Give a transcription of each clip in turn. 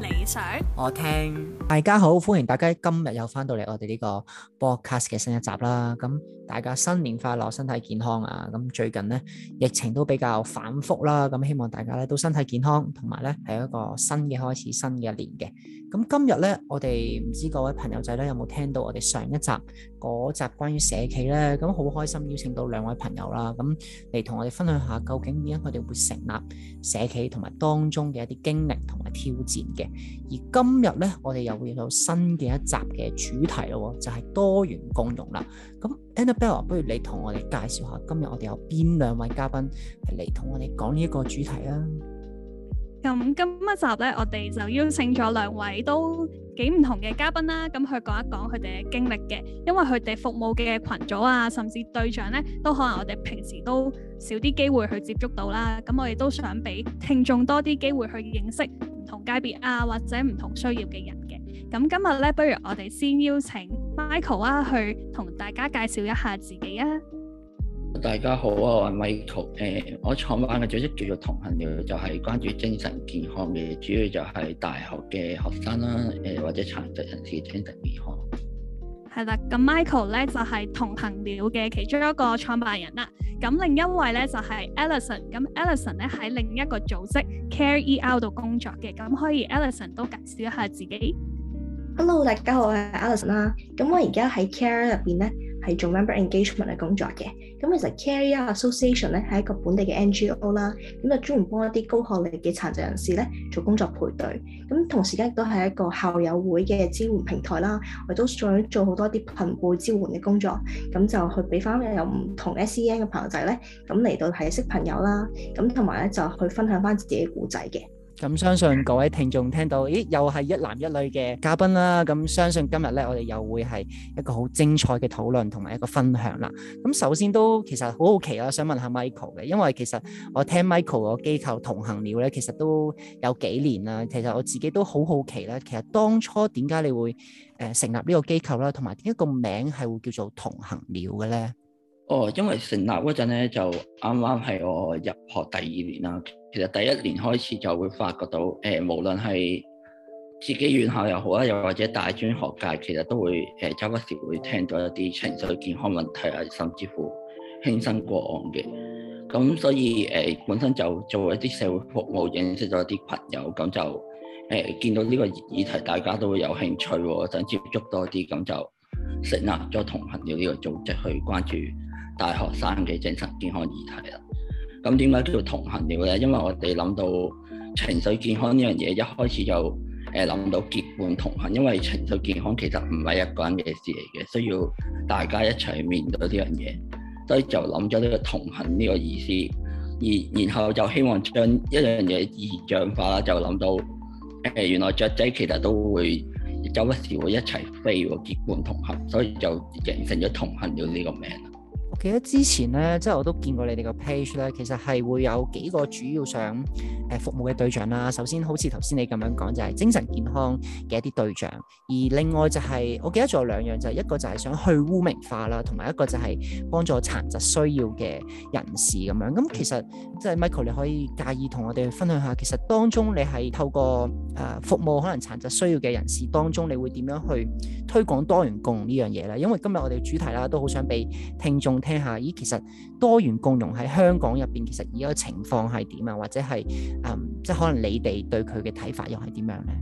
你想我聽，大家好，歡迎大家今日又翻到嚟我哋呢個 podcast 嘅新一集啦。咁大家新年快樂，身體健康啊！咁最近呢，疫情都比較反覆啦，咁希望大家咧都身體健康，同埋呢係一個新嘅開始，新嘅一年嘅。咁今日呢，我哋唔知各位朋友仔咧有冇聽到我哋上一集嗰集關於社企呢？咁好開心邀請到兩位朋友啦，咁嚟同我哋分享下究竟點解佢哋會成立社企同埋當中嘅一啲經歷同埋挑戰嘅。而今日呢，我哋又會有新嘅一集嘅主題咯，就係多元共融啦。咁 Annabelle，不如你同我哋介紹下今日我哋有邊兩位嘉賓嚟同我哋講呢個主題啊？咁、嗯、今一集咧，我哋就邀請咗兩位都幾唔同嘅嘉賓啦，咁、嗯、去講一講佢哋嘅經歷嘅。因為佢哋服務嘅群組啊，甚至對象咧，都可能我哋平時都少啲機會去接觸到啦。咁、嗯、我哋都想俾聽眾多啲機會去認識唔同界別啊，或者唔同需要嘅人嘅。咁、嗯、今日咧，不如我哋先邀請 Michael 啊，去同大家介紹一下自己啊。大家好啊，我係 Michael，誒、呃，我創辦嘅組織叫做同行鳥，就係、是、關注精神健康嘅，主要就係大學嘅學生啦，誒、呃、或者殘疾人士精神健康。係啦，咁 Michael 咧就係、是、同行鳥嘅其中一個創辦人啦，咁另一位咧就係、是、Alison，咁 Alison 咧喺另一個組織 CareER 度工作嘅，咁可以 Alison 都介紹一下自己。Hello，大家好，係 Alison 啦，咁我而家喺 CareER 入邊咧。係做 member engagement 嘅工作嘅，咁其實 CareER Association 咧係一個本地嘅 NGO 啦，咁就專門幫一啲高學歷嘅殘疾人士咧做工作配對，咁同時間亦都係一個校友會嘅支援平台啦，我亦都想做好多啲朋輩支援嘅工作，咁就去俾翻有唔同 SEN 嘅朋友仔咧，咁嚟到係識朋友啦，咁同埋咧就去分享翻自己故仔嘅。咁相信各位聽眾聽到，咦，又係一男一女嘅嘉賓啦。咁相信今日咧，我哋又會係一個好精彩嘅討論同埋一個分享啦。咁首先都其實好好奇啦，想問下 Michael 嘅，因為其實我聽 Michael 個機構同行鳥咧，其實都有幾年啦。其實我自己都好好奇咧，其實當初點解你會誒成立呢個機構啦，同埋點解個名係會叫做同行鳥嘅咧？哦，因為成立嗰陣咧，就啱啱係我入學第二年啦。其實第一年開始就會發覺到，誒、呃、無論係自己院校又好啦，又或者大專學界，其實都會誒，周不時會聽到一啲情緒健康問題啊，甚至乎輕生個案嘅。咁所以誒、呃，本身就做一啲社會服務，認識咗一啲朋友，咁就誒、呃、見到呢個議題，大家都會有興趣、哦，想接觸多啲，咁就成立咗同行嘅呢個組織去關注大學生嘅精神健康議題啦。咁點解都要同行鳥呢？因為我哋諗到情緒健康呢樣嘢一開始就誒諗、呃、到結伴同行，因為情緒健康其實唔係一個人嘅事嚟嘅，需要大家一齊面對呢樣嘢，所以就諗咗呢個同行呢個意思。而然後就希望將一樣嘢意象化，就諗到誒、呃、原來雀仔其實都會周不時會一齊飛，結伴同行，所以就形成咗同行鳥呢個名。記得之前咧，即係我都見過你哋個 page 咧，其實係會有幾個主要想誒服務嘅對象啦。首先好似頭先你咁樣講，就係精神健康嘅一啲對象，而另外就係我記得仲有兩樣，就係一個就係想去污名化啦，同埋一個就係幫助殘疾需要嘅人士咁樣。咁其實即係 Michael，你可以介意同我哋分享下，其實當中你係透過誒服務可能殘疾需要嘅人士當中，你會點樣去推廣多元共融呢樣嘢咧？因為今日我哋主題啦，都好想俾聽眾聽。下，咦，其實多元共融喺香港入邊，其實而家嘅情況係點啊？或者係誒、嗯，即係可能你哋對佢嘅睇法又係點樣咧？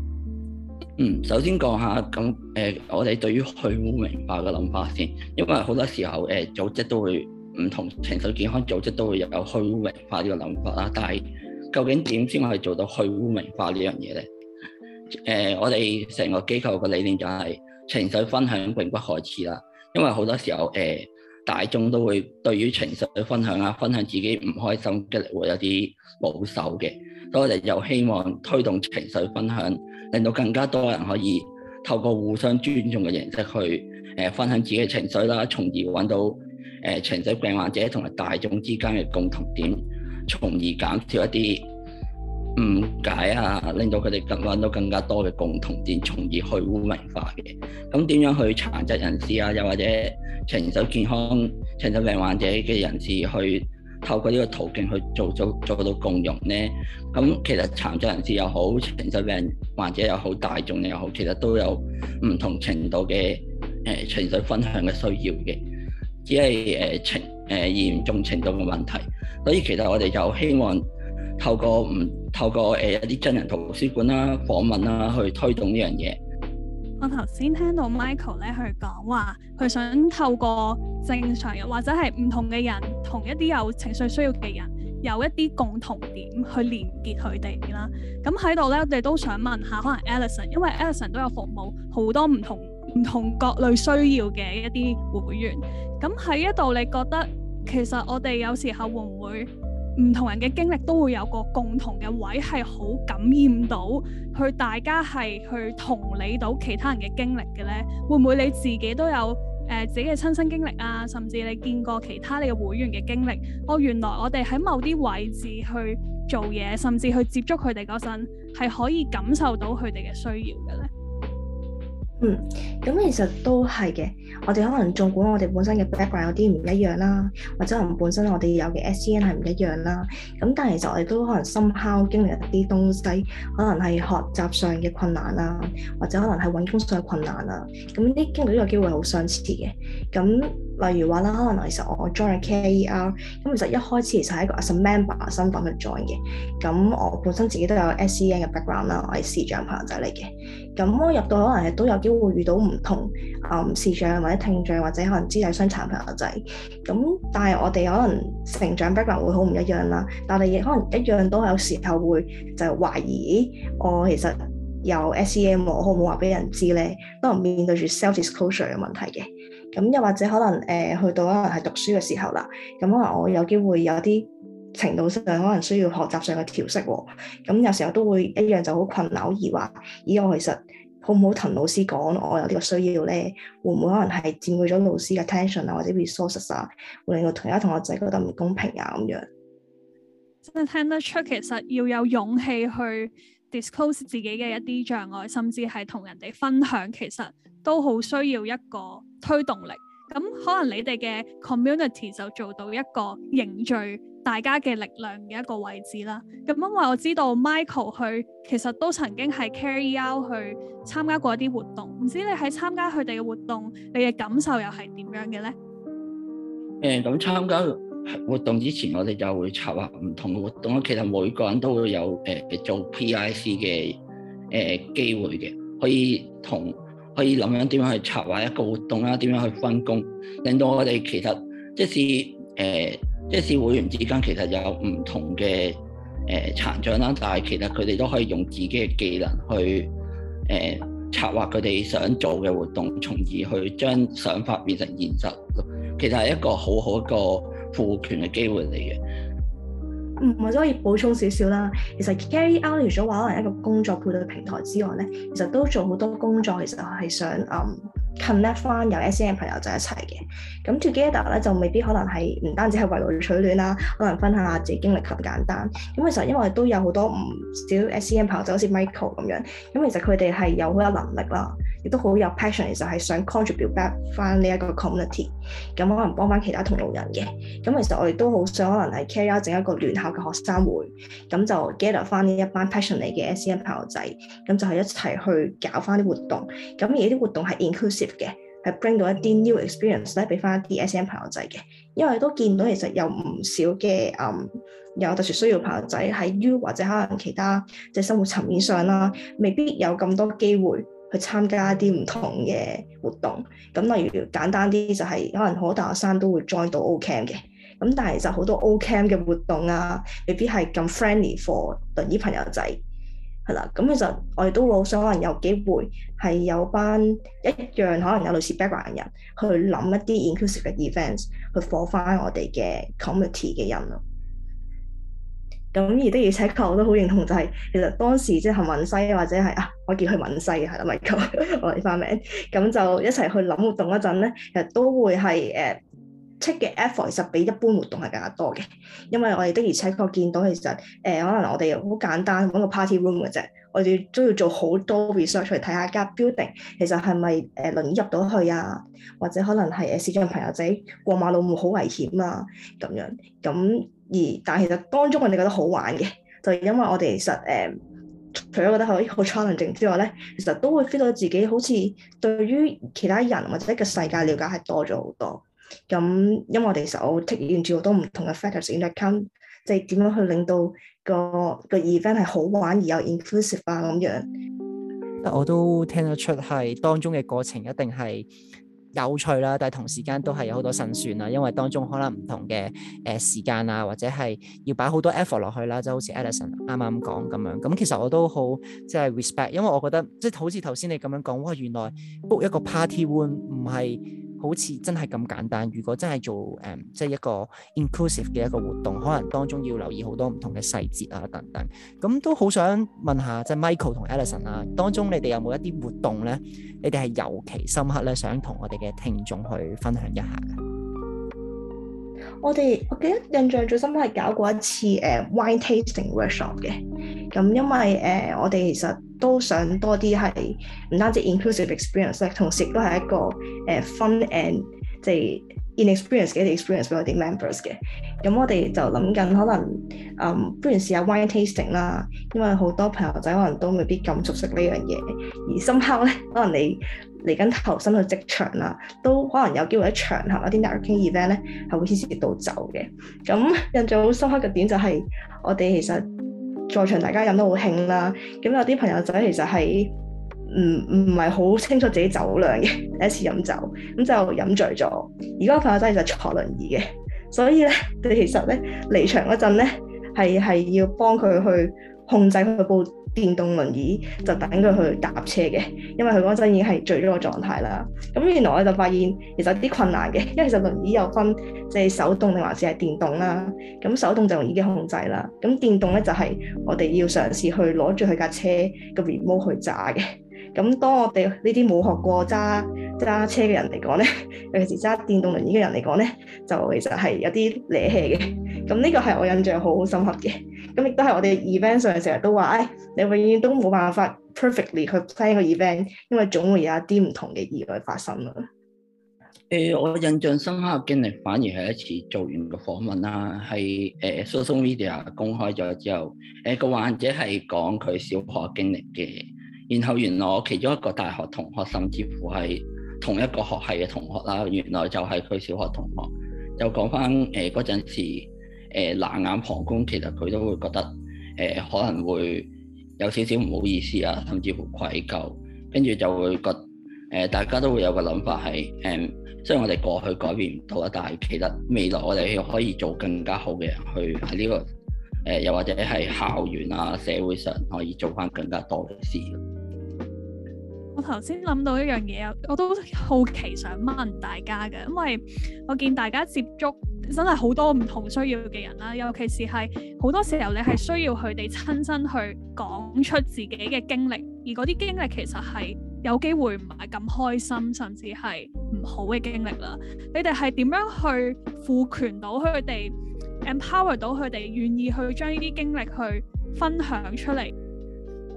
嗯，首先講下，咁誒、呃，我哋對於去污名化嘅諗法先，因為好多時候誒、呃，組織都會唔同情緒健康組織都會有去污名化呢個諗法啦。但係究竟點先可以做到去污名化呢樣嘢咧？誒、呃，我哋成個機構嘅理念就係情緒分享並不可恥啦。因為好多時候誒，呃大眾都會對於情緒嘅分享啊，分享自己唔開心嘅，會有啲保守嘅，所以我哋又希望推動情緒分享，令到更加多人可以透過互相尊重嘅形式去，誒、呃、分享自己嘅情緒啦，從而搵到誒、呃、情緒病患者同埋大眾之間嘅共同點，從而減少一啲。誤解啊，令到佢哋更揾到更加多嘅共同點，從而去污名化嘅。咁點樣去殘疾人士啊，又或者情緒健康、情緒病患者嘅人士去透過呢個途徑去做做做到共融呢？咁其實殘疾人士又好，情緒病患者又好，大眾又好，其實都有唔同程度嘅誒、呃、情緒分享嘅需要嘅，只係誒、呃、情、誒、呃、嚴重程度嘅問題。所以其實我哋就希望。透過，唔透過誒，一啲真人圖書館啦、訪問啦，去推動呢樣嘢。我頭先聽到 Michael 咧，去講話，佢想透過正常人或者係唔同嘅人同一啲有情緒需要嘅人有一啲共同點去連結佢哋啦。咁喺度咧，我哋都想問下，可能 Alison，因為 Alison 都有服務好多唔同唔同各類需要嘅一啲會員。咁喺一度，你覺得其實我哋有時候會唔會？唔同人嘅經歷都會有個共同嘅位，係好感染到，去大家係去同理到其他人嘅經歷嘅咧。會唔會你自己都有誒、呃、自己嘅親身經歷啊？甚至你見過其他你嘅會員嘅經歷？我、哦、原來我哋喺某啲位置去做嘢，甚至去接觸佢哋嗰陣，係可以感受到佢哋嘅需要嘅咧。嗯，咁其實都係嘅。我哋可能盡管我哋本身嘅 background 有啲唔一樣啦，或者可能本身我哋有嘅 SEN 係唔一樣啦，咁但係其實我哋都可能深拋經歷一啲東西，可能係學習上嘅困難啦，或者可能係揾工作嘅困難啊，咁啲經歷都有機會好相似嘅。咁例如話啦，可能其實我 join 嘅 CareER，咁其實一開始其實係一個 as a member 身份去 join 嘅。咁我本身自己都有 SEN 嘅 background 啦，我係視障朋友仔嚟嘅。咁我入到可能係都有機會遇到唔同誒視障或者聽障或者可能肢體傷殘朋友仔。咁但係我哋可能成長 background 會好唔一樣啦。但係亦可能一樣都有時候會就懷疑我其實有 SEN，我可唔可話俾人知咧？都係面對住 self disclosure 嘅問題嘅。咁又或者可能誒、呃、去到可能係讀書嘅時候啦，咁可能我有機會有啲程度上可能需要學習上嘅調適喎，咁、嗯、有時候都會一樣就好困擾而話，咦我其實好唔好同老師講我有呢個需要咧？會唔會可能係佔據咗老師嘅 attention 啊或者 resources 啊，會令到同一同學仔覺得唔公平啊咁樣？真係聽得出其實要有勇氣去 disclose 自己嘅一啲障礙，甚至係同人哋分享其實。都好需要一個推動力，咁可能你哋嘅 community 就做到一個凝聚大家嘅力量嘅一個位置啦。咁因為我知道 Michael 去其實都曾經係 CareER 去參加過一啲活動，唔知你喺參加佢哋嘅活動，你嘅感受又係點樣嘅咧？誒、呃，咁參加活動之前，我哋就會策劃唔同嘅活動。其實每個人都有、呃呃、會有誒做 P.I.C. 嘅誒機會嘅，可以同。可以諗緊點樣去策劃一個活動啦，點樣去分工，令到我哋其實即使誒，即使會員之間其實有唔同嘅誒殘障啦，但係其實佢哋都可以用自己嘅技能去誒、呃、策劃佢哋想做嘅活動，從而去將想法變成現實。其實係一個好好一個賦權嘅機會嚟嘅。或者、嗯、可以補充少少啦。其實 CareER 除咗可能一個工作配對平台之外咧，其實都做好多工作。其實係想嗯、um, connect 翻有 S C M 朋友就一齊嘅。咁 Together 咧就未必可能係唔單止係圍爐取暖啦，可能分享下自己經歷咁簡單。咁、嗯、其實因為都有好多唔少 S C M 朋友，就好似 Michael 咁樣。咁、嗯、其實佢哋係有好有能力啦。亦都好有 passion，其實係想 contribute back 翻呢一個 community，咁可能幫翻其他同路人嘅。咁其實我哋都好想可能係 carry out，整一個聯校嘅學生會，咁就 gather 翻呢一班 passion 嚟嘅 SEN 朋友仔，咁就係一齊去搞翻啲活動。咁而啲活動係 inclusive 嘅，係 bring 到一啲 new experience 咧，俾翻啲 SEN 朋友仔嘅。因為都見到其實有唔少嘅，嗯、um，有特殊需要朋友仔喺 U 或者可能其他即係、就是、生活層面上啦，未必有咁多機會。去參加一啲唔同嘅活動，咁例如簡單啲就係、是、可能好多大學生都會 join 到 Ocamp 嘅，咁但係就好多 Ocamp 嘅活動啊，未必係咁 friendly for 呢啲朋友仔，係啦，咁其實我哋都會好想可能有機會係有班一樣可能有類似 background 嘅人去諗一啲 inclusive 嘅 events 去 for 翻我哋嘅 community 嘅人咯。咁而的而且確我都好認同、就係，就係其實當時即係文西或者係啊，我叫佢文西係啦，咪咁 我哋翻名，咁就一齊去諗活動嗰陣咧，其實都會係 take 嘅 effort，其實比一般活動係更加多嘅，因為我哋的而且確見到其實誒、呃、可能我哋好簡單揾個 party room 嘅啫，我哋都要做好多 research 去睇下間 building 其實係咪誒輪入到去啊，或者可能係誒視障朋友仔過馬路會好危險啊咁樣咁。而但係其實當中我哋覺得好玩嘅，就因為我哋其實誒、嗯，除咗覺得係一個 challenge 之外咧，其實都會 feel 到自己好似對於其他人或者個世界了解係多咗好多。咁因為我哋其實我 t a k 完住好多唔同嘅 factors in a c c o m n 即係點樣去令到個個 event 係好玩而又 inclusive 啊咁樣。我都聽得出係當中嘅過程一定係。有趣啦，但係同時間都係有好多辛酸啦，因為當中可能唔同嘅誒、呃、時間啊，或者係要擺好多 effort 落去啦，就好似 Alison 啱啱講咁樣。咁、嗯、其實我都好即係 respect，因為我覺得即係、就是、好似頭先你咁樣講，哇原來 book 一個 party room 唔係，好似真係咁簡單。如果真係做誒，即、嗯、係、就是、一個 inclusive 嘅一個活動，可能當中要留意好多唔同嘅細節啊，等等。咁都好想問下，即、就、係、是、Michael 同 Alison 啊，當中你哋有冇一啲活動呢？你哋係尤其深刻呢？想同我哋嘅聽眾去分享一下。我哋，我記得印象最深都係搞過一次誒、uh, wine tasting workshop 嘅。咁、嗯、因為誒，uh, 我哋其實。都想多啲係唔單止 inclusive experience，同時都係一個誒 fun and 即係 inexperience 嘅 experience 俾我哋 members 嘅。咁我哋就諗緊可能誒，嗯、不如試下 wine tasting 啦，因為好多朋友仔可能都未必咁熟悉呢樣嘢。而深刻咧，可能你嚟緊投身去職場啦，都可能有機會喺場合一啲 networking event 咧係會牽涉到走嘅。咁印象好深刻嘅點就係我哋其實。在場大家飲得好興啦，咁有啲朋友仔其實係唔唔係好清楚自己酒量嘅，第一次飲酒咁就飲醉咗。而嗰個朋友仔其實係坐輪椅嘅，所以呢佢其實呢離場嗰陣呢係係要幫佢去控制佢嘅步。電動輪椅就等佢去搭車嘅，因為佢嗰陣已經係最衰狀態啦。咁原來我就發現其實有啲困難嘅，因為其實輪椅有分即係手動定還是係電動啦。咁手動就用耳機控制啦，咁電動咧就係我哋要嘗試去攞住佢架車個 remote 去揸嘅。咁當我哋呢啲冇學過揸揸車嘅人嚟講咧，尤其是揸電動輪椅嘅人嚟講咧，就其實係有啲惹氣嘅。咁呢個係我印象好好深刻嘅。咁亦都係我哋 event 上成日都話，誒、哎、你永遠都冇辦法 perfectly 去 plan 個 event，因為總會有一啲唔同嘅意外發生啊。誒、欸，我印象深刻嘅經歷反而係一次做完個訪問啦，係誒 social media 公開咗之後，誒、欸、個患者係講佢小學經歷嘅。然後原來我其中一個大學同學，甚至乎係同一個學系嘅同學啦。原來就係佢小學同學。又講翻誒嗰陣時，誒、呃、冷眼旁觀，其實佢都會覺得誒、呃、可能會有少少唔好意思啊，甚至乎愧疚。跟住就會覺誒、呃，大家都會有個諗法係誒、嗯，雖然我哋過去改變唔到啦，但係其實未來我哋可以做更加好嘅人，去喺、這、呢個誒、呃，又或者係校園啊、社會上可以做翻更加多嘅事。頭先諗到一樣嘢，我都好奇想問大家嘅，因為我見大家接觸真係好多唔同需要嘅人啦，尤其是係好多時候你係需要佢哋親身去講出自己嘅經歷，而嗰啲經歷其實係有機會唔係咁開心，甚至係唔好嘅經歷啦。你哋係點樣去賦權到佢哋，empower 到佢哋願意去將呢啲經歷去分享出嚟？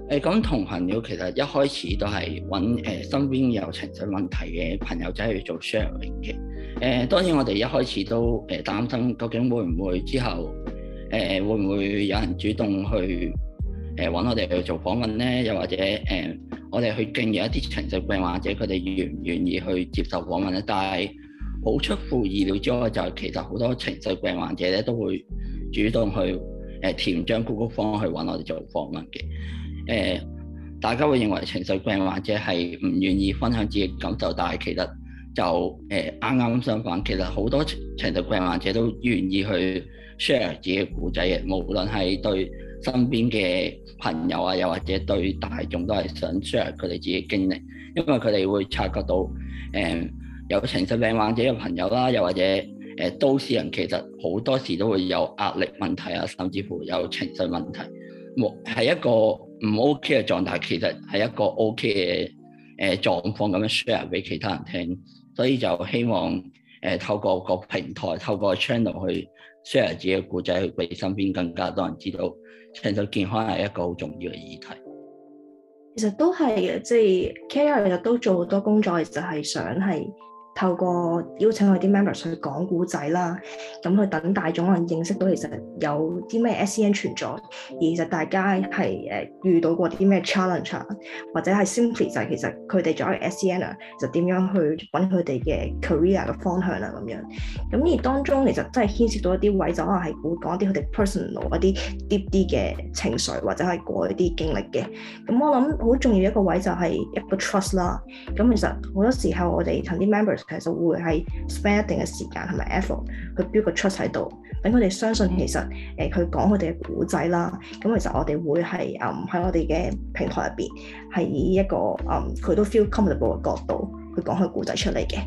誒咁同朋友其實一開始都係揾誒身邊有情緒問題嘅朋友仔去做 sharing 嘅。誒、呃、當然我哋一開始都誒、呃、擔心，究竟會唔會之後誒、呃、會唔會有人主動去誒揾、呃、我哋去做訪問咧？又或者誒、呃、我哋去敬迎一啲情緒病患者，佢哋願唔願意去接受訪問咧？但係好出乎意料之外，就係其實好多情緒病患者咧都會主動去誒、呃、填張 Google form 去揾我哋做訪問嘅。誒、呃，大家會認為情緒病患者係唔願意分享自己感受，但係其實就誒啱啱相反，其實好多情緒病患者都願意去 share 自己嘅故仔嘅，無論係對身邊嘅朋友啊，又或者對大眾都係想 share 佢哋自己經歷，因為佢哋會察覺到，誒、呃、有情緒病患者嘅朋友啦、啊，又或者誒、呃、都市人其實好多時都會有壓力問題啊，甚至乎有情緒問題，冇係一個唔 OK 嘅狀態其實係一個 OK 嘅誒狀況，咁樣 share 俾其他人聽，所以就希望誒透過個平台，透過 channel 去 share 自己嘅故仔，去俾身邊更加多人知道，聽到健康係一個好重要嘅議題。其實都係嘅，即係 CareER 其實都做好多工作就係係，其實係想係。透過邀請我啲 members 去講故仔啦，咁去等大眾可能認識到其實有啲咩 SEN 存在，而其實大家係誒遇到過啲咩 challenge，或者係 simply 就係其實佢哋作為 SEN 啊，就點樣去揾佢哋嘅 career 嘅方向啊咁樣。咁而當中其實真係牽涉到一啲位就可能係會講啲佢哋 personal 一啲 deep 啲嘅情緒或者係過一啲經歷嘅。咁我諗好重要一個位就係一個 trust 啦。咁其實好多時候我哋同啲 members，其實會係 spend 一定嘅時間同埋 effort 去 build 個 trust 喺度，等佢哋相信其實誒佢講佢哋嘅故仔啦。咁、嗯、其實我哋會係誒喺我哋嘅平台入邊，係以一個誒佢、嗯、都 feel comfortable 嘅角度去講佢故仔出嚟嘅。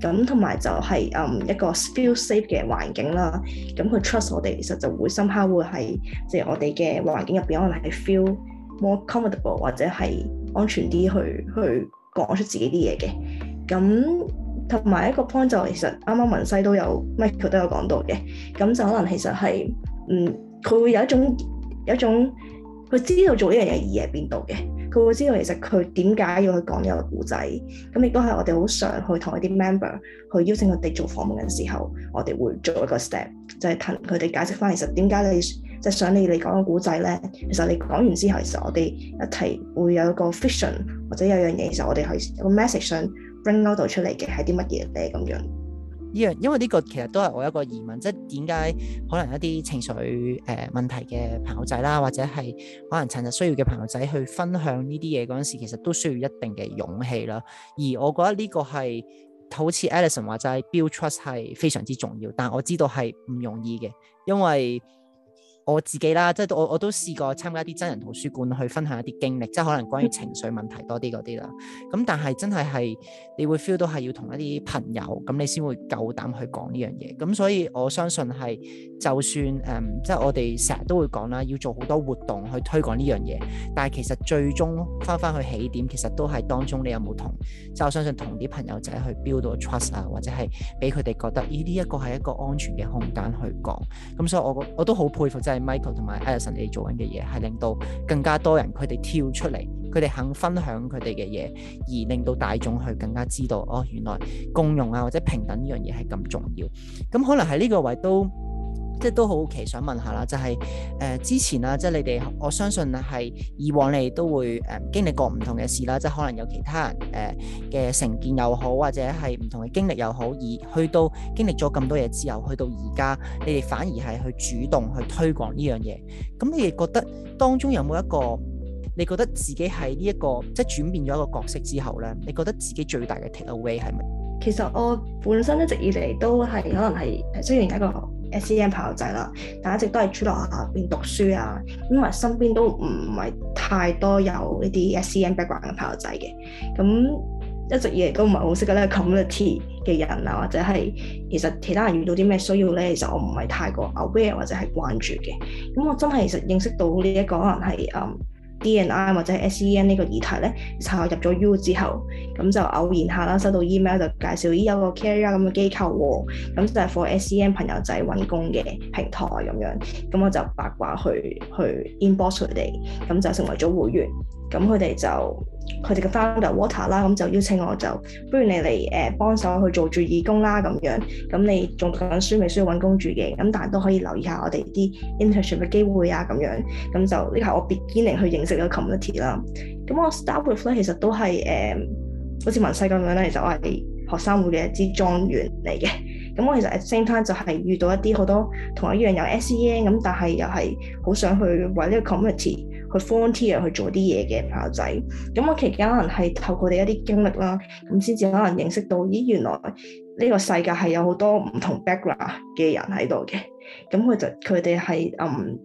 咁同埋就係、是、誒、嗯、一個 feel safe 嘅環境啦。咁、嗯、佢 trust 我哋，其實就會深刻會係即係我哋嘅環境入邊可能係 feel more comfortable 或者係安全啲去去講出自己啲嘢嘅。咁同埋一個 point 就其實啱啱文西都有 Michael 都有講到嘅，咁就可能其實係嗯佢會有一種有一種佢知道做呢樣嘢意義係邊度嘅，佢會知道其實佢點解要去講呢個古仔，咁亦都係我哋好常去同一啲 member 去邀請佢哋做訪問嘅時候，我哋會做一個 step，就係同佢哋解釋翻其實點解你即係、就係、想你嚟講個古仔咧，其實你講完之後，其實我哋一提會有一個 fiction 或者有樣嘢，其實我哋係有個 message。bring out 出嚟嘅係啲乜嘢咧？咁樣依樣，因為呢個其實都係我一個疑問，即係點解可能一啲情緒誒問題嘅朋友仔啦，或者係可能尋日需要嘅朋友仔去分享呢啲嘢嗰陣時，其實都需要一定嘅勇氣啦。而我覺得呢個係好似 Alison 話齋 build trust 係非常之重要，但我知道係唔容易嘅，因為。我自己啦，即係我我都試過參加一啲真人圖書館去分享一啲經歷，即係可能關於情緒問題多啲嗰啲啦。咁但係真係係你會 feel 到係要同一啲朋友，咁你先會夠膽去講呢樣嘢。咁所以我相信係就算誒、嗯、即係我哋成日都會講啦，要做好多活動去推廣呢樣嘢。但係其實最終翻翻去起點其實都係當中你有冇同即係我相信同啲朋友仔去 build 到 trust 啊，或者係俾佢哋覺得咦，呢一個係一個安全嘅空間去講，咁所以我我都好佩服 Michael 同埋 Alison 你做緊嘅嘢係令到更加多人，佢哋跳出嚟，佢哋肯分享佢哋嘅嘢，而令到大眾去更加知道哦，原來共融啊或者平等呢樣嘢係咁重要。咁可能喺呢個位都。即係都好奇想問下啦，就係、是、誒、呃、之前啦，即係你哋我相信係以往你都會誒、呃、經歷過唔同嘅事啦，即係可能有其他人誒嘅、呃、成見又好，或者係唔同嘅經歷又好，而去到經歷咗咁多嘢之後，去到而家你哋反而係去主動去推廣呢樣嘢。咁你哋覺得當中有冇一個你覺得自己喺呢一個即係轉變咗一個角色之後咧，你覺得自己最大嘅 take away 係咪？其實我本身一直以嚟都係可能係雖然係一個 SEN 朋友仔啦，但一直都係出落下、啊、邊讀書啊，因為身邊都唔係太多有呢啲 SEN background 嘅朋友仔嘅，咁一直以嚟都唔係好識得咧 community 嘅人啊，或者係其實其他人遇到啲咩需要咧，其實我唔係太過 aware 或者係關注嘅，咁我真係其實認識到呢一個可能係誒。Um, D.N.I 或者 S.E.N 呢個議題咧，查、就是、入咗 U 之後，咁就偶然下啦，收到 email 就介紹咦有個 career 咁嘅機構喎，咁就係 for S.E.N 朋友仔揾工嘅平台咁樣，咁我就八卦去去 inbox 佢哋，咁就成為咗會員。咁佢哋就佢哋嘅 founder Walter 啦，咁就邀請我就不如你嚟誒、呃、幫手去做住義工啦咁樣。咁你仲讀緊書未？需要揾工住嘅，咁但係都可以留意下我哋啲 internship 嘅機會啊咁樣。咁就呢個係我 beginning 去認識個 community 啦。咁我 start with 咧，其實都係誒、呃，好似文西咁樣咧，其實我係學生會嘅一支莊員嚟嘅。咁我其實 at same time 就係遇到一啲好多同一樣有 SEN 咁，但係又係好想去為呢個 community。去 volunteer 去做啲嘢嘅朋友仔，咁我期間可能係透過佢哋一啲經歷啦，咁先至可能認識到，咦，原來呢個世界係有好多唔同 background 嘅人喺度嘅，咁佢就佢哋係嗯，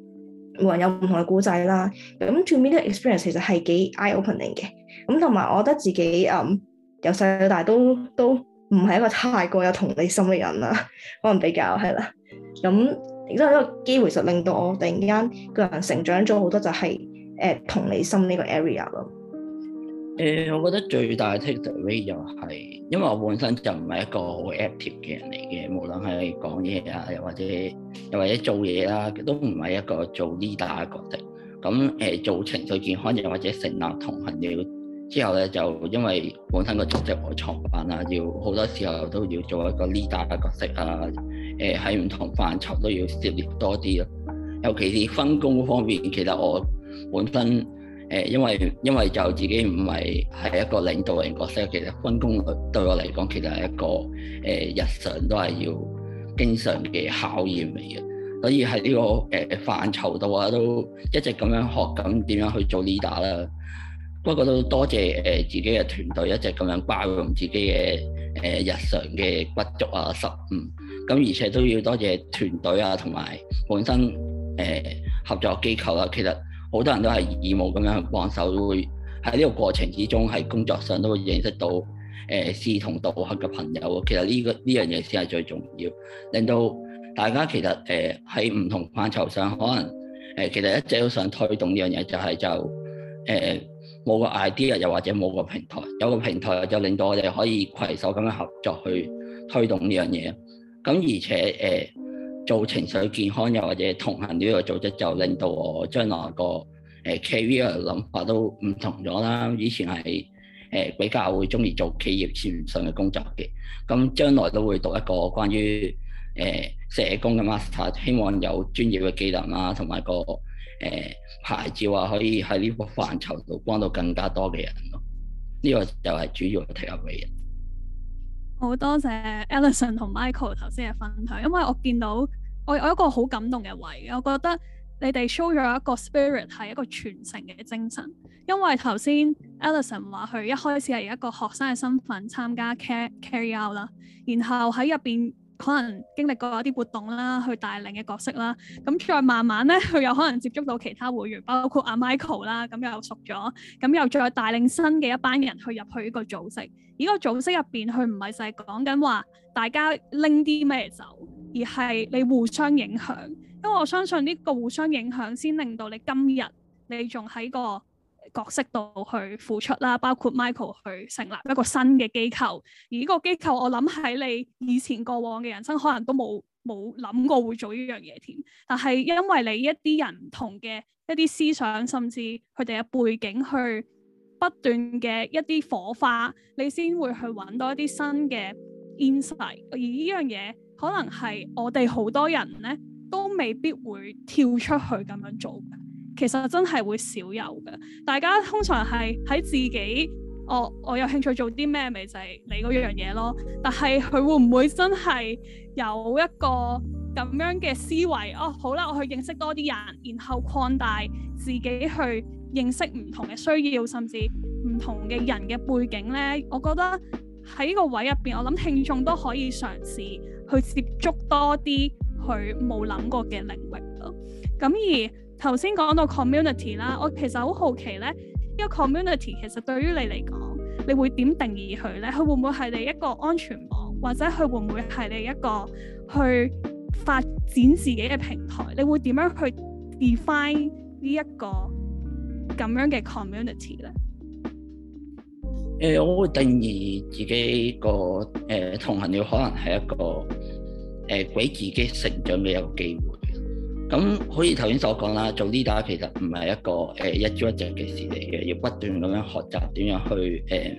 每人有唔同嘅故仔啦。咁 to me experience 其實係幾 eye opening 嘅，咁同埋我覺得自己嗯，由細到大都都唔係一個太過有同理心嘅人啦，可能比較係啦。咁亦都係一個機會，實令到我突然之間個人成長咗好多，就係、是。誒同理心呢個 area 咯。誒、呃，我覺得最大 takeaway 又、就、係、是，因為我本身就唔係一個好 active 嘅人嚟嘅，無論係講嘢啊，又或者又或者做嘢啦、啊，都唔係一個做 leader 嘅角色。咁誒、呃，做情緒健康又或者成立同行嘢之後咧，就因為本身個組織我創辦啊，要好多時候都要做一個 leader 嘅角色啊。誒、呃，喺唔同範疇都要涉獵多啲咯、啊。尤其是分工方面，其實我。本身誒、呃，因為因為就自己唔係係一個領導人角色，其實分工對我嚟講，其實係一個誒、呃、日常都係要經常嘅考驗嚟嘅。所以喺呢、這個誒範疇度啊，都一直咁樣學緊點樣，樣去做 leader 啦。不過都多謝誒、呃、自己嘅團隊一直咁樣包容自己嘅誒、呃、日常嘅不足啊、失誤，咁而且都要多謝團隊啊，同埋本身誒、呃、合作機構啦、啊，其實。好多人都係義務咁樣去幫手，會喺呢個過程之中，喺工作上都會認識到誒志同道合嘅朋友啊！其實呢個呢樣嘢先係最重要，令到大家其實誒喺唔同範疇上，可能誒其實一直都想推動呢樣嘢，就係就誒冇個 idea，又或者冇個平台，有個平台就令到我哋可以攜手咁樣合作去推動呢樣嘢，咁而且誒。做情緒健康又或者同行呢個組織，就令到我將來個誒 career 諗法都唔同咗啦。以前係誒比較會中意做企業慈善嘅工作嘅，咁將來都會讀一個關於誒社工嘅 master，希望有專業嘅技能啦、啊，同埋個誒、呃、牌照啊，可以喺呢個範疇度幫到更加多嘅人咯、啊。呢、這個就係主要嘅 take away 好多謝 Alison 同 Michael 頭先嘅分享，因為我見到。我我一個好感動嘅位，我覺得你哋 show 咗一個 spirit 係一個傳承嘅精神。因為頭先 Alison 話佢一開始係以一個學生嘅身份參加 care, CareER 啦，然後喺入邊可能經歷過一啲活動啦，去帶領嘅角色啦，咁再慢慢咧佢又可能接觸到其他會員，包括阿 Michael 啦，咁又熟咗，咁又再帶領新嘅一班人去入去呢個組織。而、這個組織入邊佢唔係就係講緊話大家拎啲咩走。而係你互相影響，因為我相信呢個互相影響先令到你今日你仲喺個角色度去付出啦，包括 Michael 去成立一個新嘅機構。而呢個機構，我諗喺你以前過往嘅人生，可能都冇冇諗過會做呢樣嘢添。但係因為你一啲人唔同嘅一啲思想，甚至佢哋嘅背景，去不斷嘅一啲火花，你先會去揾到一啲新嘅 insight。而呢樣嘢。可能係我哋好多人呢都未必會跳出去咁樣做嘅。其實真係會少有嘅。大家通常係喺自己，我、哦、我有興趣做啲咩，咪就係、是、你嗰樣嘢咯。但係佢會唔會真係有一個咁樣嘅思維？哦，好啦，我去認識多啲人，然後擴大自己去認識唔同嘅需要，甚至唔同嘅人嘅背景呢？我覺得。喺呢個位入邊，我諗聽眾都可以嘗試去接觸多啲佢冇諗過嘅領域咯。咁而頭先講到 community 啦，我其實好好奇咧，呢個 community 其實對於你嚟講，你會點定義佢咧？佢會唔會係你一個安全網，或者佢會唔會係你一個去發展自己嘅平台？你會點樣去 define 呢一個咁樣嘅 community 咧？誒，我會定義自己個誒、呃、同行，要可能係一個誒俾、呃、自己成長嘅一個機會。咁好似頭先所講啦，做 leader 其實唔係一個誒、呃、一朝一夕嘅事嚟嘅，要不斷咁樣學習點樣去誒、呃，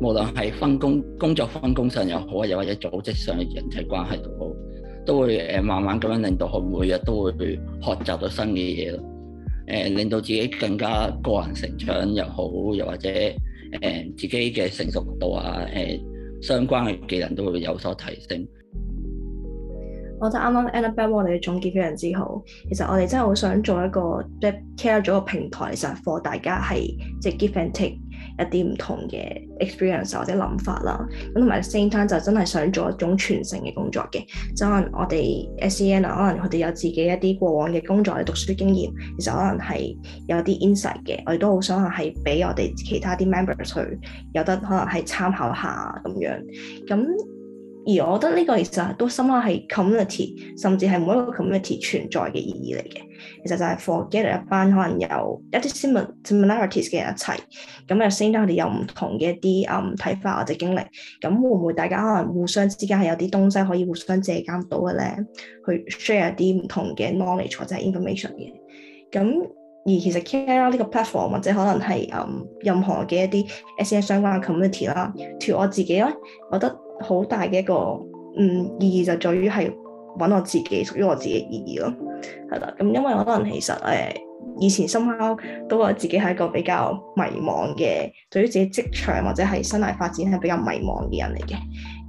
無論係分工工作分工上又好，又或者組織上嘅人際關係都好，都會誒、呃、慢慢咁樣令到我每日都會學習到新嘅嘢咯。誒、呃，令到自己更加個人成長又好，又或者～誒，自己嘅成熟度啊，誒，相關嘅技能都會有所提升。我覺得啱啱 Annabelle 你總結非常之好。其實我哋真係好想做一個即係 care 咗個平台，其實 for 大家係即係 give and take。一啲唔同嘅 experience 或者諗法啦，咁同埋 same time 就真係想做一種傳承嘅工作嘅。就可能我哋 SEN 啊，可能佢哋有自己一啲過往嘅工作嘅讀書經驗，其實可能係有啲 insight 嘅。我哋都好想係俾我哋其他啲 members 去有得可能係參考下咁樣。咁而我覺得呢個其實都深刻係 community，甚至係每一個 community 存在嘅意義嚟嘅。其實就係 forget 一班可能有一啲 similarities 嘅人一齊，咁又 seeing 當佢哋有唔同嘅一啲啊睇法或者經歷，咁會唔會大家可能互相之間係有啲東西可以互相借鑑到嘅咧？去 share 一啲唔同嘅 knowledge 或者係 information 嘅，咁。而其實 Care 呢、er、個 platform 或者可能係、嗯、任何嘅一啲 SEN 相關嘅 community 啦，對我自己咧，我覺得好大嘅一個嗯意義就在於係揾我自己屬於我自己嘅意義咯，係啦，咁、嗯、因為可能其實誒、呃、以前深秋都覺得自己係一個比較迷茫嘅，對於自己職場或者係生涯發展係比較迷茫嘅人嚟嘅，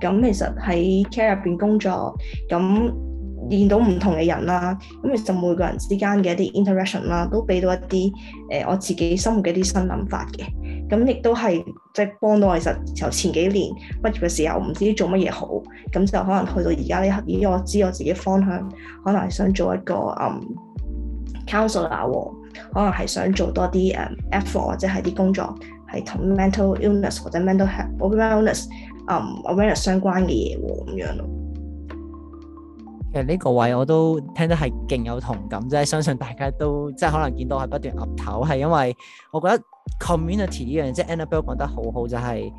咁、嗯、其實喺 Care 入、er、邊工作咁。嗯見到唔同嘅人啦，咁其實每個人之間嘅一啲 interaction 啦，都俾到一啲誒、呃、我自己生活嘅一啲新諗法嘅。咁亦都係即係幫到我。其實由前幾年畢業嘅時候，唔知做乜嘢好，咁就可能去到而家呢？咦，我知我自己方向，可能係想做一個嗯、um, counselor、哦、可能係想做多啲誒、um, effort 或者係啲工作係同 mental illness 或者 mental health wellness 相關嘅嘢喎，咁、哦、樣咯。其實呢個位我都聽得係勁有同感，即係，相信大家都即係可能見到係不斷岌頭，係因為我覺得 community 呢樣嘢即係 Annabelle 講得好好，就係、是、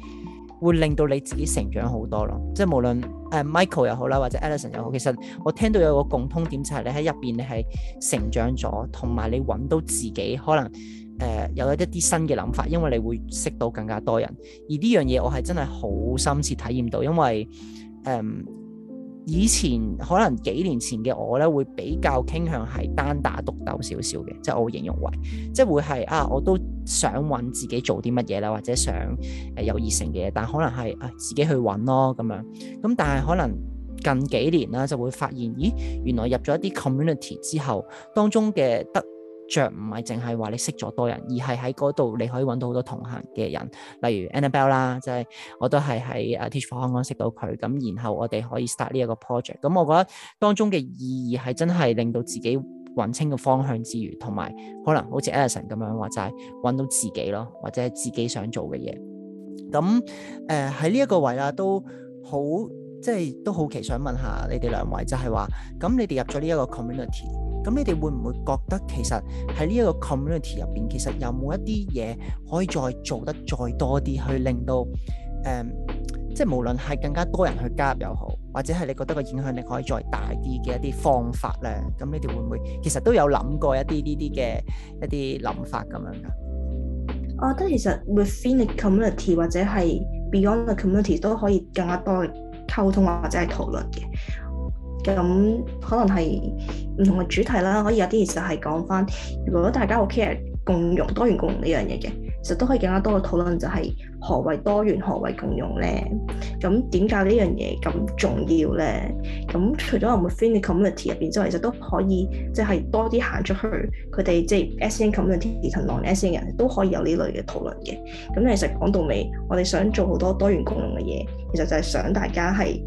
會令到你自己成長好多咯。即係無論誒 Michael 又好啦，或者 Alison 又好，其實我聽到有個共通點就係、是、你喺入邊你係成長咗，同埋你揾到自己可能誒、呃、有一啲新嘅諗法，因為你會識到更加多人。而呢樣嘢我係真係好深切體驗到，因為誒。嗯以前可能幾年前嘅我咧，會比較傾向係單打獨鬥少少嘅，即係我會形容為，即係會係啊，我都想揾自己做啲乜嘢啦，或者想誒、呃、有熱誠嘅嘢，但可能係啊自己去揾咯咁樣。咁但係可能近幾年啦，就會發現咦，原來入咗一啲 community 之後，當中嘅得著唔係淨係話你識咗多人，而係喺嗰度你可以揾到好多同行嘅人，例如 Annabelle 啦，即係我都係喺啊 Teach For Hong Kong 識到佢，咁然後我哋可以 start 呢一個 project。咁我覺得當中嘅意義係真係令到自己揾清個方向之餘，同埋可能好似 Alison 咁樣，或者揾到自己咯，或者係自己想做嘅嘢。咁誒喺呢一個位啦，都好即係都好奇想問下你哋兩位，就係話咁你哋入咗呢一個 community。咁你哋會唔會覺得其實喺呢一個 community 入邊，其實有冇一啲嘢可以再做得再多啲，去令到誒、嗯，即係無論係更加多人去加入又好，或者係你覺得個影響力可以再大啲嘅一啲方法咧？咁你哋會唔會其實都有諗過一啲呢啲嘅一啲諗法咁樣噶？我覺得其實 within the community 或者係 beyond the community 都可以更加多溝通或者係討論嘅。咁可能係唔同嘅主題啦，可以有啲其實係講翻，如果大家好 care 共融、多元共融呢樣嘢嘅，其實都可以更加多嘅討論就係、是、何為多元、何為共融咧？咁點解呢樣嘢咁重要咧？咁除咗我哋 financial community 入邊之外，其實都可以即係、就是、多啲行出去，佢哋即係 SEN community、不同 SEN 人都可以有呢類嘅討論嘅。咁其實講到尾，我哋想做好多多元共融嘅嘢，其實就係想大家係。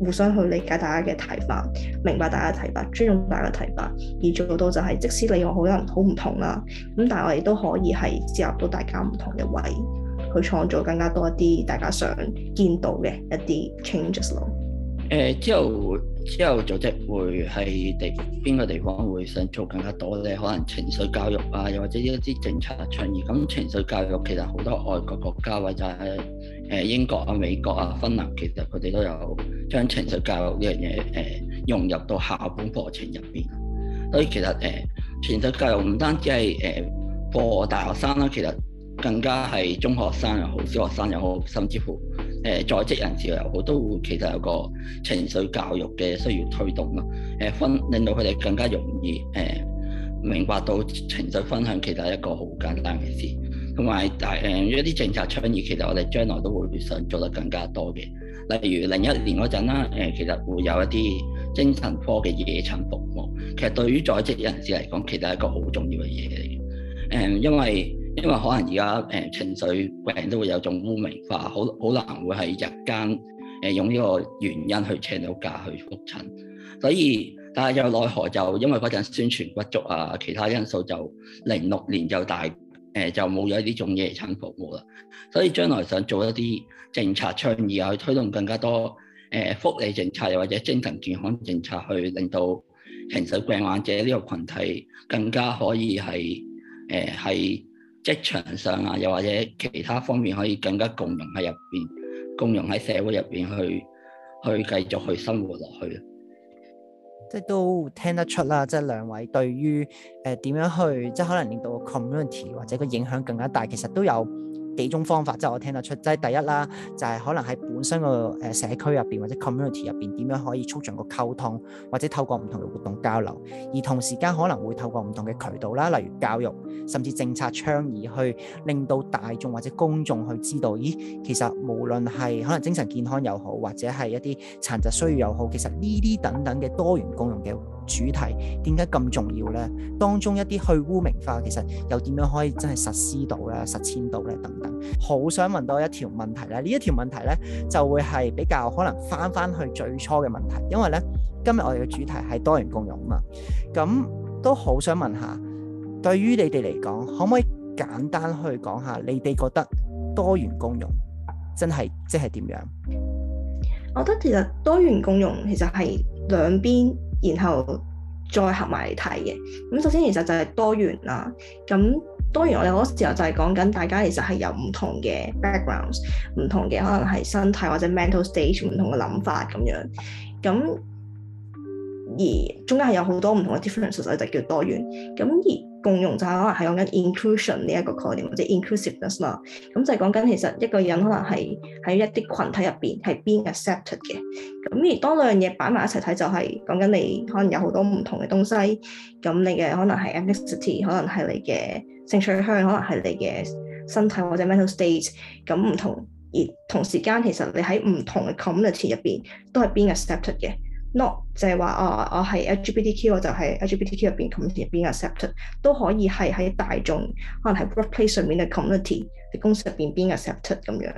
互相去理解大家嘅睇法，明白大家嘅睇法，尊重大家嘅睇法，而做到就係即使你、啊、我可能好唔同啦，咁但係我哋都可以係接納到大家唔同嘅位，去創造更加多一啲大家想見到嘅一啲 changes 咯。誒、呃、之後之後組織會係地邊個地方會想做更加多咧？可能情緒教育啊，又或者一啲政策倡議。咁、嗯。情緒教育其實好多外國國家或者係誒英國啊、美國啊、芬蘭其實佢哋都有。將情緒教育呢樣嘢誒融入到校本課程入邊，所以其實誒、呃、情緒教育唔單止係誒課大學生啦、啊，其實更加係中學生又好、小學生又好，甚至乎誒在職人士又好，都會其實有個情緒教育嘅需要推動咯、啊。誒、呃、分令到佢哋更加容易誒、呃、明白到情緒分享其實係一個好簡單嘅事，同埋大誒一啲政策倡議，其實我哋將來都會想做得更加多嘅。例如零一年嗰陣啦，誒、呃、其實會有一啲精神科嘅夜診服務，其實對於在職人士嚟講，其實係一個好重要嘅嘢嚟嘅。誒、呃，因為因為可能而家誒情緒病都會有種污名化，好好難會喺日間誒、呃、用呢個原因去請到假去覆診，所以但係又奈何就因為嗰陣宣傳不足啊，其他因素就零六年就大。誒就冇咗呢種夜診服務啦，所以將來想做一啲政策倡議，去推動更加多誒福利政策，又或者精神健康政策，去令到情緒病患者呢個群體更加可以係誒喺職場上啊，又或者其他方面可以更加共融喺入邊，共融喺社會入邊去去繼續去生活落去。即係都聽得出啦，即係兩位對於誒，呃，點樣去，即係可能令到個 community 或者個影響更加大，其實都有幾種方法，即係我聽得出，即係第一啦，就係、是、可能喺本身個誒社區入邊或者 community 入邊，點樣可以促進個溝通，或者透過唔同嘅活動交流，而同時間可能會透過唔同嘅渠道啦，例如教育，甚至政策倡議，去令到大眾或者公眾去知道，咦，其實無論係可能精神健康又好，或者係一啲殘疾需要又好，其實呢啲等等嘅多元共融嘅。主題點解咁重要呢？當中一啲去污名化，其實又點樣可以真係實施到咧、實踐到呢？等等。好想問多一條問題咧，呢一條問題呢，就會係比較可能翻翻去最初嘅問題，因為呢，今日我哋嘅主題係多元共融啊嘛。咁都好想問下，對於你哋嚟講，可唔可以簡單去講下你哋覺得多元共融真係即係點樣？我覺得其實多元共融其實係兩邊。然後再合埋嚟睇嘅，咁首先其實就係多元啦。咁多元我哋好多時候就係講緊大家其實係有唔同嘅 backgrounds，唔同嘅可能係身體或者 mental stage 唔同嘅諗法咁樣。咁而中間係有好多唔同嘅 difference，所以就叫多元。咁而共融就係可能係講緊 inclusion 呢一個概念，或者 inclusiveness 啦。咁就係講緊其實一個人可能係喺一啲群體入邊係 being accepted 嘅。咁而當兩樣嘢擺埋一齊睇，就係講緊你可能有好多唔同嘅東西。咁你嘅可能係 ethnicity 可能係你嘅性取向，可能係你嘅身體或者 mental state。咁唔同而同時間，其實你喺唔同嘅 community 入邊都係 being accepted 嘅。not 就係話啊，我係 LGBTQ，我就係 LGBTQ 入邊 community 入邊 accepted，都可以係喺大眾，可能係 workplace 上面嘅 community 嘅公司入邊被 accepted 咁樣。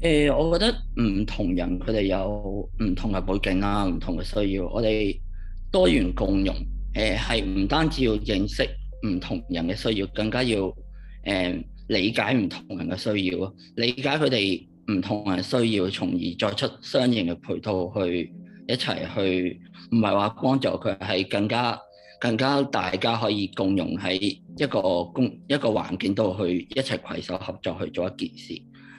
誒、呃，我覺得唔同人佢哋有唔同嘅背景啦，唔同嘅需要。我哋多元共融，誒係唔單止要認識唔同人嘅需要，更加要誒理解唔同人嘅需要咯，理解佢哋。唔同人需要，從而作出相應嘅配套去一齊去，唔係話幫助佢，係更加更加大家可以共融喺一個公一個環境度去一齊携手合作去做一件事。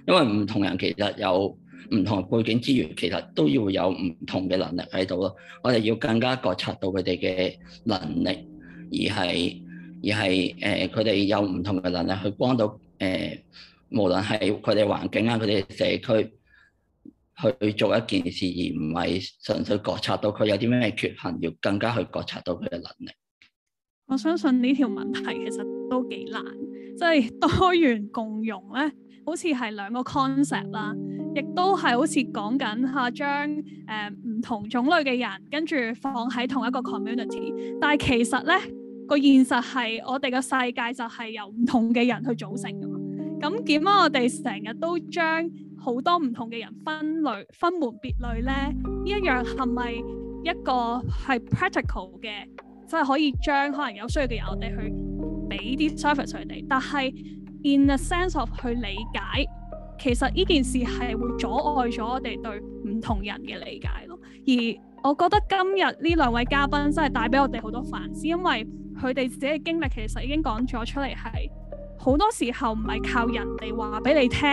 因為唔同人其實有唔同背景之餘，其實都要有唔同嘅能力喺度咯。我哋要更加覺察到佢哋嘅能力，而係而係誒佢哋有唔同嘅能力去幫到誒。呃無論係佢哋環境啊，佢哋社區去做一件事，而唔係純粹覺察到佢有啲咩缺陷，要更加去覺察到佢嘅能力。我相信呢條問題其實都幾難，即係多元共融咧，好似係兩個 concept 啦，亦都係好似講緊嚇將誒唔同種類嘅人跟住放喺同一個 community。但係其實咧個現實係，我哋嘅世界就係由唔同嘅人去組成。咁點解我哋成日都將好多唔同嘅人分類、分門別類呢？呢一樣係咪一個係 practical 嘅，即係可以將可能有需要嘅人，我哋去俾啲 service 佢哋？但係 in a sense of 去理解，其實呢件事係會阻礙咗我哋對唔同人嘅理解咯。而我覺得今日呢兩位嘉賓真係帶俾我哋好多反思，因為佢哋自己嘅經歷其實已經講咗出嚟係。好多時候唔係靠人哋話俾你聽，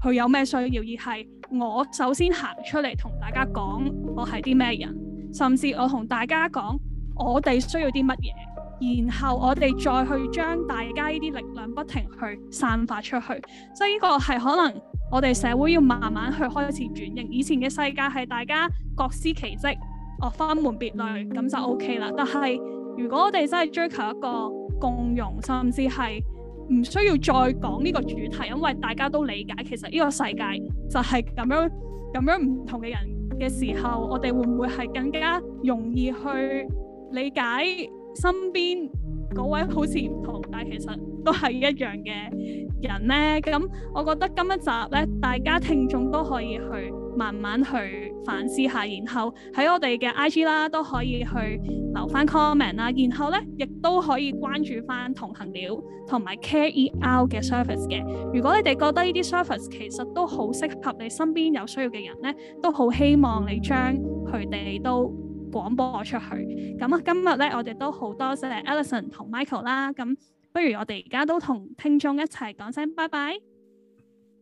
佢有咩需要，而係我首先行出嚟同大家講，我係啲咩人，甚至我同大家講我哋需要啲乜嘢，然後我哋再去將大家呢啲力量不停去散發出去。所以呢個係可能我哋社會要慢慢去開始轉型。以前嘅世界係大家各司其職，各、哦、分門別類咁就 O K 啦。但係如果我哋真係追求一個共融，甚至係～唔需要再講呢個主題，因為大家都理解，其實呢個世界就係咁樣，咁樣唔同嘅人嘅時候，我哋會唔會係更加容易去理解身邊嗰位好似唔同，但其實都係一樣嘅人呢？咁我覺得今一集呢，大家聽眾都可以去。慢慢去反思下，然後喺我哋嘅 IG 啦都可以去留翻 comment 啦，然後咧亦都可以關注翻同行了同埋 CareER 嘅 service 嘅。如果你哋覺得呢啲 service 其實都好適合你身邊有需要嘅人咧，都好希望你將佢哋都廣播我出去。咁、嗯、啊，今日咧我哋都好多謝 Alison 同 Michael 啦。咁不如我哋而家都同聽眾一齊講聲拜拜。